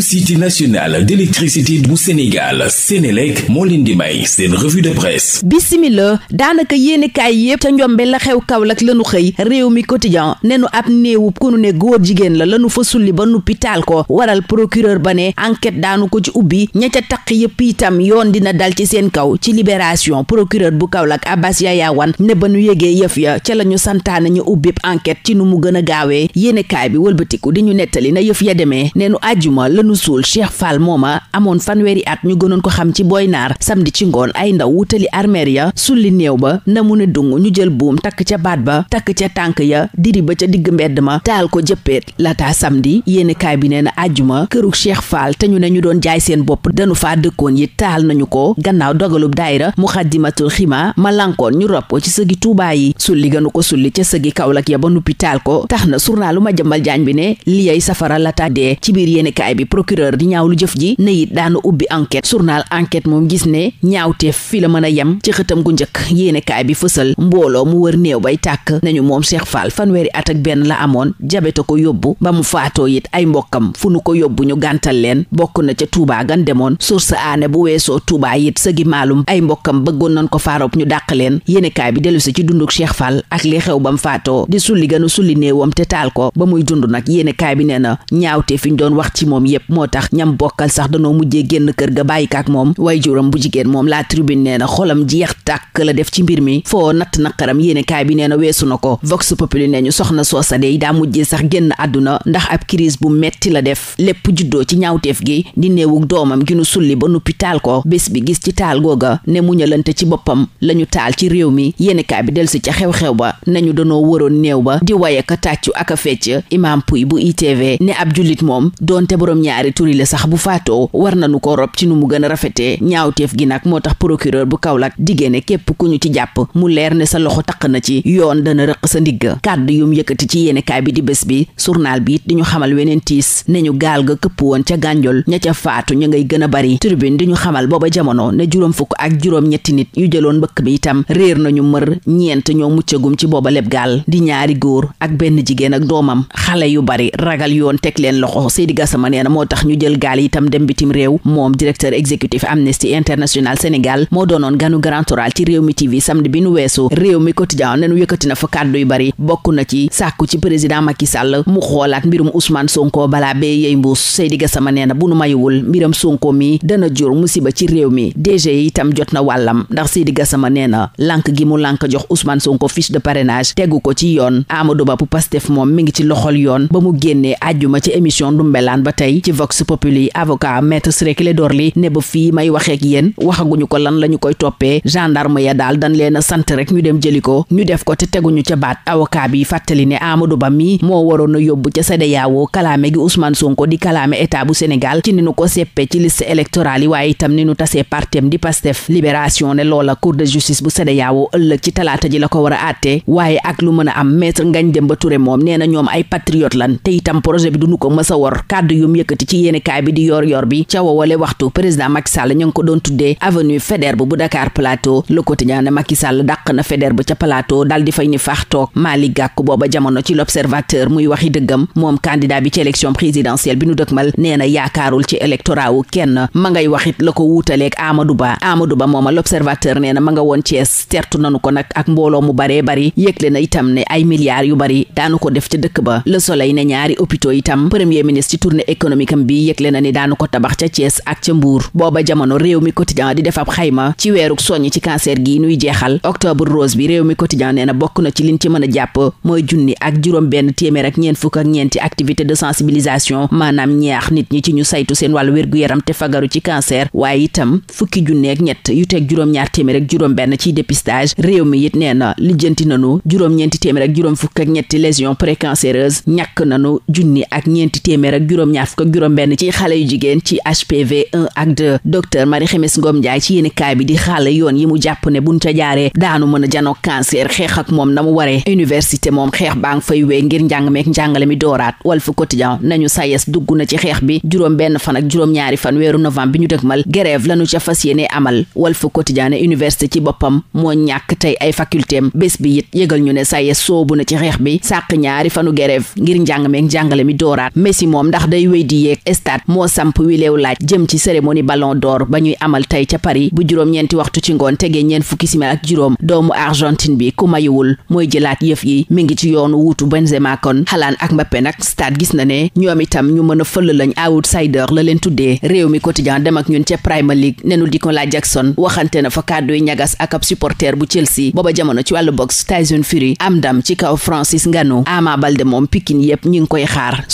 société nationale d'électricité bu Sénégal Sénélec moo leen di may seen revue de presse bisimila daanaka yéenekaay yépp ca njombe la xew Kaolack lanu xëy réew mi quotidien nenu ab néewub ku ne góor jigéen la lanu fa sulli ba nuppi taal ko waral procureur ba ne enquête daanu ko ci ubbi ña ca taq yëpp itam yoon dina dal ci seen kaw ci libération procureur bu Kaolack Abbas Yayawan ne ba nu yégee yëf ya ca la ñu santaane ñu ubbib ci nu mu gën a gaawee yéenekaay bi wëlbatiku di ñu nettali na yëf ya demee neenu àjjuma lanu suul Cheikh Fall mooma amoon fanweeri at ñu gënoon ko xam ci Boy Naar samedi ci ngoon ay ndaw wutali armeer ya sulli néew ba na mu ne dung ñu jël buum takk ca baat ba takk ca tànk ya diri ba ca digg mbedd ma taal ko jëppeet laata samedi yéeni kaay bi nee na àjjuma këruk Cheikh Fall te ñu ne ñu doon jaay seen bopp danu faa dëkkoon yi taal nañu ko gannaaw dogalub daayira Muxaddimatul Xima ma lankoon ñu rob ko ci sëgi Tuubaa yi sulli gënu ko sulli ca sëgi Kaolack ya ba nuppi taal procureur di ñaaw lu jëf ji ne it daanu ubbi enquête journal enquête moom gis ne ñaawteef fi la mën a yem ci xëtam gu njëkk yéenekaay bi fësal mbooloo mu wër néew bay tàkk nañu moom Cheikh Fall fanweeri at ak benn la amoon jabeta ko yóbbu ba mu faatoo it ay mbokkam fu nu ko yóbbu ñu gàntal leen bokk na ca Touba gan demoon source aane bu weesoo Touba it sëgi maalum ay mbokkam bëggoon nañ ko faarob ñu dàq leen yéenekaay bi dellu si ci dunduk Cheikh Fall ak li xew bam faatoo di sulli ganu ko muy dund nag yépp moo tax ñam bokkal sax danoo mujjee génn kër ga bàyyi kaak moom way juram bu jigéen moom laa tribune nee na xolam jeex tàkk la def ci mbir mi foo natt naqaram yéene kaay bi nee na weesu na ko vox populi nee ñu soxna soosa dey daa mujjee sax génn àdduna ndax ab crise bu metti la def lépp juddoo ci ñaawteef gi di néewug doomam gi sulli ba nuppi taal ko bés bi gis ci taal googa ne muñalante ci boppam lañu taal ci réew mi yéene kaay bi delsi ca xew-xew ba nañu danoo waroon néew ba di waye ka tàccu ak a fecc imaam puy bu ITV ne ab jullit moom doonte boroom ñaari turi la sax bu faatoo war nanu ko rob ci nu mu gën a rafetee ñaawteef gi nag moo tax procureur bu Kaolack diggéene képp ku ñu ci jàpp mu leer ne sa loxo taq na ci yoon dana rëq sa ndigga kàddu yum yëkkati ci yéenekaay bi di bés bi journal bi it di ñu xamal weneen tiis ne ñu gaal ga këpp woon ca gànjol ña ca faatu ña ngay gën a bari turbine di ñu xamal booba jamono ne juróom fukk ak juróom ñetti nit yu jëloon mbëkk mi itam réer na ñu mër ñeent ñoo muccagum ci booba leb gaal di ñaari ak benn jigéen ak doomam xale yu bari ragal yoon teg leen loxo moo tax ñu jël gaal itam dem bitim réew moom directeur exécutif Amnesty International Sénégal moo doonoon ganu grand oral ci réew mi TV samedi bi nu weesu réew mi quotidien nenu yëkkati na fa kàddu yu bari bokk na ci sàkku ci président Macky Sall mu xoolaat mbirum Ousmane Sonko balaa bee yey mbuus Seydi Gassama nee na bu nu mayuwul mbiram Sonko mi dana jur musiba ci réew mi DG itam jot na wàllam ndax Seydi Gassama nee na lànk gi mu lànk jox Ousmane Sonko fiche de parrainage tegu ko ci yoon Amadou Ba bu Pastef moom mi ngi ci loxol yoon ba mu génnee àjjuma ci ba tey ci vox populi avocat maître Ciré Clédor Ly ne ba fii may waxeek yéen waxaguñu ko lan la ñu koy toppee gendarme ya daal dañ leen a sant rek ñu dem jëli ko ñu def ko te teguñu ca baat avocat bi fàttali ne Amadou Ba mi moo waroon a yóbbu ca CEDEAO kalaame gi Ousmane Sonko di kalaame état bu Sénégal ci ni nu ko seppe ci liste électorale waaye itam ni nu tasee partem di Pastef libération ne loola cour de justice bu CEDEAO ëllëg ci talaata ji la ko war a àtte ak lu mën a am maître Ngagne Demba Touré moom nee na ñoom ay patriote lan te itam projet bi du ko mës a wor kàddu yum yëkk yëkkati ci yéenekaay bi di yor yor bi ca woowale waxtu président Macky Sall ñu ngi ko doon tuddee avenue Faidherbe bu Dakar Plateau Le Quotidien ma ngay waxit la ko wuutaleeg Amadou Ba Amadou Ba mooma na ma nga woon Thiès tertu nanu ko mu baree bari yëgle na itam ne yu bari daanu ko def ca dëkk ba Le Soleil ne ñaari hôpitaux itam premier ministre ci tournée économique chronique am bi yëgle na ni daanu ko tabax ca Thiès ak ca Mbour booba jamono réew mi quotidien di def ab xayma ci weeruk soññ ci cancer gi nuy jeexal octobre rose bi réew mi quotidien nee na bokk na ci liñ ci mën a jàpp mooy junni ak juróom benn téeméer ak ñeent fukk ak ñeenti activité de sensibilisation maanaam ñeex nit ñi ci ñu saytu seen wàllu wér-gu-yaram te fagaru ci cancer waaye itam fukki junni ak ñett yu teg juróom-ñaar téeméer ak juróom benn ci dépistage réew mi it nee na lijjanti nanu juróom-ñeenti téeméer ak juróom fukk ak ñetti lésion précancéreuse ñàkk nanu junni ak ñeenti téeméer ak juróom-ñaar fukk juróom-benn ci xale yu jigéen ci HPV 1 ak 2 docteur Marie Xemes Ngom Ndiaye ci yéeni kaay bi di xaale yoon yi mu jàpp ne bu buñ ca jaare daanu mën a jano cancer xeex ak moom na mu waree université moom xeex baa ngi fay wee ngir njàng meek njàngale mi dooraat Walf Quotidien nañu sayes dugg na ci xeex bi juróom-benn fan ak juróom-ñaari fan weeru bi ñu dëgmal grève lañu ca fas yéene amal Walf Quotidien ne université ci boppam moo ñàkk tey ay faculté am bés bi it yëgal ñu ne sayes soobu na ci xeex bi sàq ñaari fanu grève ngir njàng meek mi dooraat messi moom ndax day wéy di yi yeeg stade moo samp wileew laaj jëm ci cérémonie ballon d'or ba ñuy amal tey ca Paris bu juróom-ñeenti waxtu ci ngoon tegee ñeent fukki simil ak juróom doomu Argentine bi ku mayuwul mooy jëlaat yëf yi mi ngi ci yoonu wuutu Benzema kon Haaland ak Mbappé nag stade gis na ne ñoom itam ñu mën a fël lañ outsider la leen tuddee réew mi quotidien dem ak ñun ca Premier League nenu di ko laa Jackson waxante na fa kàdduy ñagas ak ab supporter bu Chelsea booba jamono ci wàllu box Tyson Fury am ndam ci kaw Francis Ngannou Ama Baldé moom Pikine yépp ñu ngi koy xaar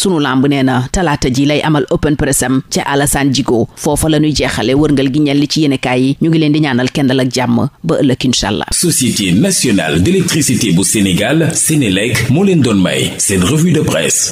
lay amal open press am ca Alassane Djigo foofa la ñuy jeexale wërngal gi ñel li ci yéenekaay yi ñu ngi leen di ñaanal kendal ak jàmm ba ëllëg incha allah société nationale d'électricité bu Sénégal Sénélec moo leen doon may seen revue de presse